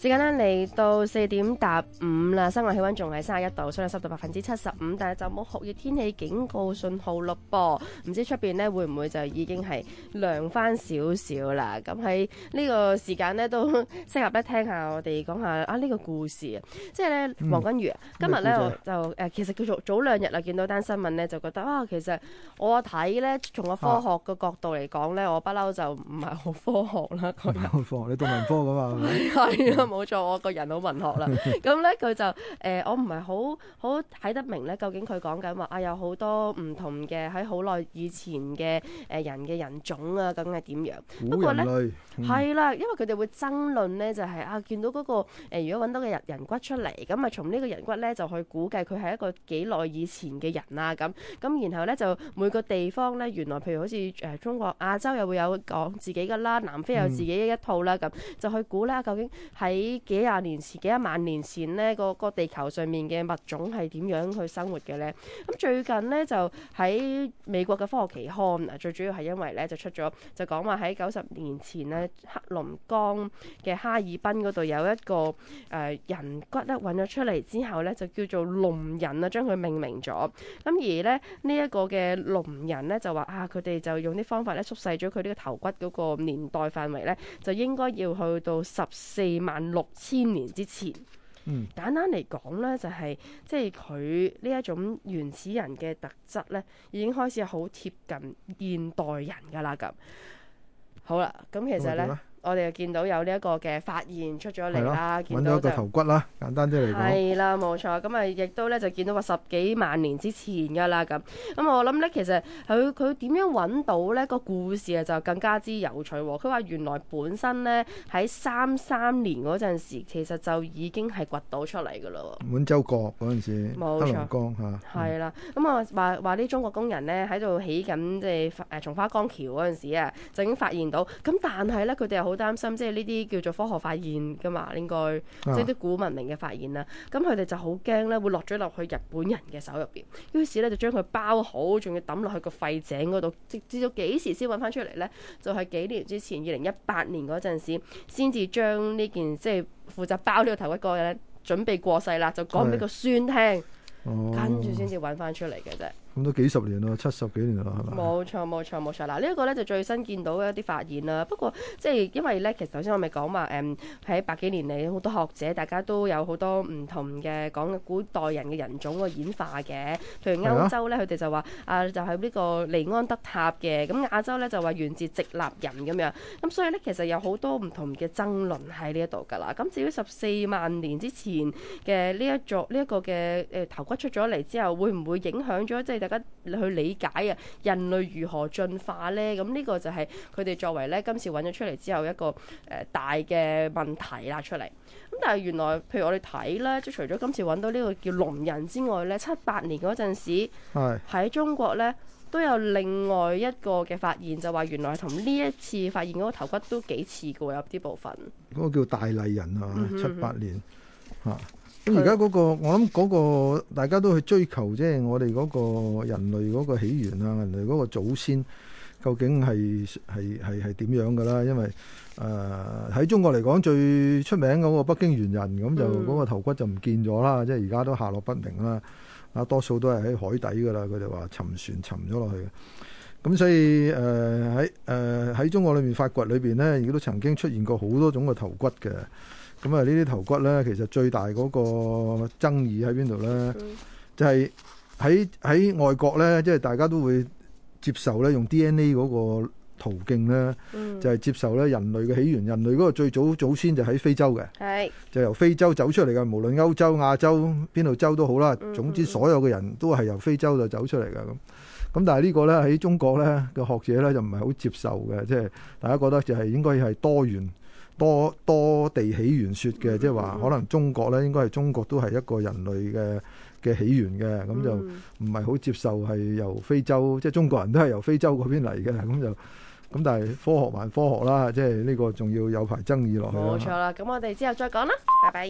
時間咧嚟到四點搭五啦，室外氣温仲係三十一度，相對濕度百分之七十五，但係就冇酷熱天氣警告信號咯噃。唔知出邊呢會唔會就已經係涼翻少少啦？咁喺呢個時間呢，都適合咧聽下我哋講下啊呢、這個故事啊，即係咧黃君如今日咧就誒、呃，其實叫做早兩日啊見到單新聞咧，就覺得啊，其實我睇咧從個科學嘅角度嚟講咧，啊、我不嬲就唔係好科學啦。唔有、啊、科學， 你讀文科噶嘛？係 啊。 冇錯，我個人好文學啦。咁咧，佢就誒、呃，我唔係好好睇得明咧，究竟佢講緊話啊，有好多唔同嘅喺好耐以前嘅誒人嘅人種啊，究竟係點樣，樣？古人類係啦呢、嗯，因為佢哋會爭論咧，就係、是、啊，見到嗰、那個、呃、如果搵到嘅人人骨出嚟，咁咪從呢個人骨咧就去估計佢係一個幾耐以前嘅人啊咁。咁然後咧就每個地方咧，原來譬如好似誒、呃、中國、亞洲又會有講自己㗎啦，南非有自己一套啦咁、嗯，就去估啦，究竟係。幾幾廿年前、幾廿萬年前呢個個地球上面嘅物種係點樣去生活嘅呢？咁最近呢，就喺美國嘅《科學期刊》啊，最主要係因為咧就出咗，就講話喺九十年前呢，黑龍江嘅哈爾濱嗰度有一個誒、呃、人骨咧搵咗出嚟之後呢，就叫做龍人啊，將佢命名咗。咁而呢，呢、這、一個嘅龍人呢，就話啊，佢哋就用啲方法咧縮細咗佢呢個頭骨嗰個年代範圍咧，就應該要去到十四萬六千年之前，嗯、簡單嚟講呢就係、是、即係佢呢一種原始人嘅特質呢已經開始好貼近現代人噶啦咁。好啦，咁其實呢。我哋就見到有呢一個嘅發現出咗嚟啦，的見到一個頭骨啦，簡單啲嚟講。係啦，冇錯。咁啊，亦都咧就見到話十幾萬年之前噶啦咁。咁我諗咧，其實佢佢點樣揾到咧，個故事啊就更加之有趣喎。佢話原來本身咧喺三三年嗰陣時，其實就已經係掘到出嚟噶啦。滿洲國嗰陣時，黑錯龍江嚇。係啦的，咁啊話話啲中國工人咧喺度起緊即係誒松花江橋嗰陣時啊，就已經發現到。咁但係咧佢哋又。好擔心，即係呢啲叫做科學發現㗎嘛，應該即係啲古文明嘅發現啦。咁佢哋就好驚咧，會落咗落去日本人嘅手入邊，於是咧就將佢包好，仲要抌落去個廢井嗰度，直至到幾時先揾翻出嚟呢？就係、是、幾年之前，二零一八年嗰陣時，先至將呢件即係負責包呢個頭骨嗰個人準備過世啦，就講俾個孫聽的，跟住先至揾翻出嚟嘅啫。哦 都幾十年咯，七十幾年咯，係咪？冇錯，冇錯，冇錯。嗱、這個、呢一個咧就最新見到一啲發現啦。不過即係因為咧，其實首先我咪講話誒喺百幾年嚟，好多學者大家都有好多唔同嘅講古代人嘅人種個演化嘅。譬如歐洲咧，佢哋就話啊，就係、是、呢個尼安德塔嘅；咁亞洲咧就話源自直立人咁樣。咁所以咧，其實有好多唔同嘅爭論喺呢一度㗎啦。咁至於十四萬年之前嘅呢一座呢一、這個嘅誒頭骨出咗嚟之後，會唔會影響咗即係？而家去理解啊，人類如何進化呢？咁呢個就係佢哋作為咧今次揾咗出嚟之後一個誒、呃、大嘅問題啦出嚟。咁但係原來譬如我哋睇咧，即除咗今次揾到呢個叫龍人之外呢，七八年嗰陣時喺是中國呢都有另外一個嘅發現，就話原來同呢一次發現嗰個頭骨都幾似嘅有啲部分。嗰個叫大荔人啊，嗯、哼七八年嚇。咁而家嗰個，我諗嗰個大家都去追求，即係我哋嗰個人類嗰個起源啊，人類嗰個祖先究竟係係係係點樣嘅啦？因為誒喺中國嚟講最出名嗰個北京猿人，咁就嗰個頭骨就唔見咗啦，即係而家都下落不明啦。啊，多數都係喺海底噶啦，佢哋話沉船沉咗落去。咁所以誒喺誒喺中國裏面發掘裏邊咧，亦都曾經出現過好多種嘅頭骨嘅。咁啊！呢啲頭骨咧，其實最大個爭議喺邊度咧？就係喺喺外國咧，即係大家都會接受咧，用 D N A 個途徑咧，嗯、就係接受咧人類嘅起源。人類個最早祖先就喺非洲嘅，係就由非洲走出嚟嘅。無論歐洲、亞洲邊度洲都好啦，總之所有嘅人都係由非洲就走出嚟嘅咁。咁、嗯、但係呢個咧喺中國咧嘅學者咧就唔係好接受嘅，即、就、係、是、大家覺得就係應該係多元多多。多多地起源說嘅，即係話可能中國咧，應該係中國都係一個人類嘅嘅起源嘅，咁就唔係好接受係由非洲，即係中國人都係由非洲嗰邊嚟嘅，咁就咁但係科學還科學啦，即係呢個仲要有排爭議落去。冇錯啦，咁我哋之後再講啦，拜拜。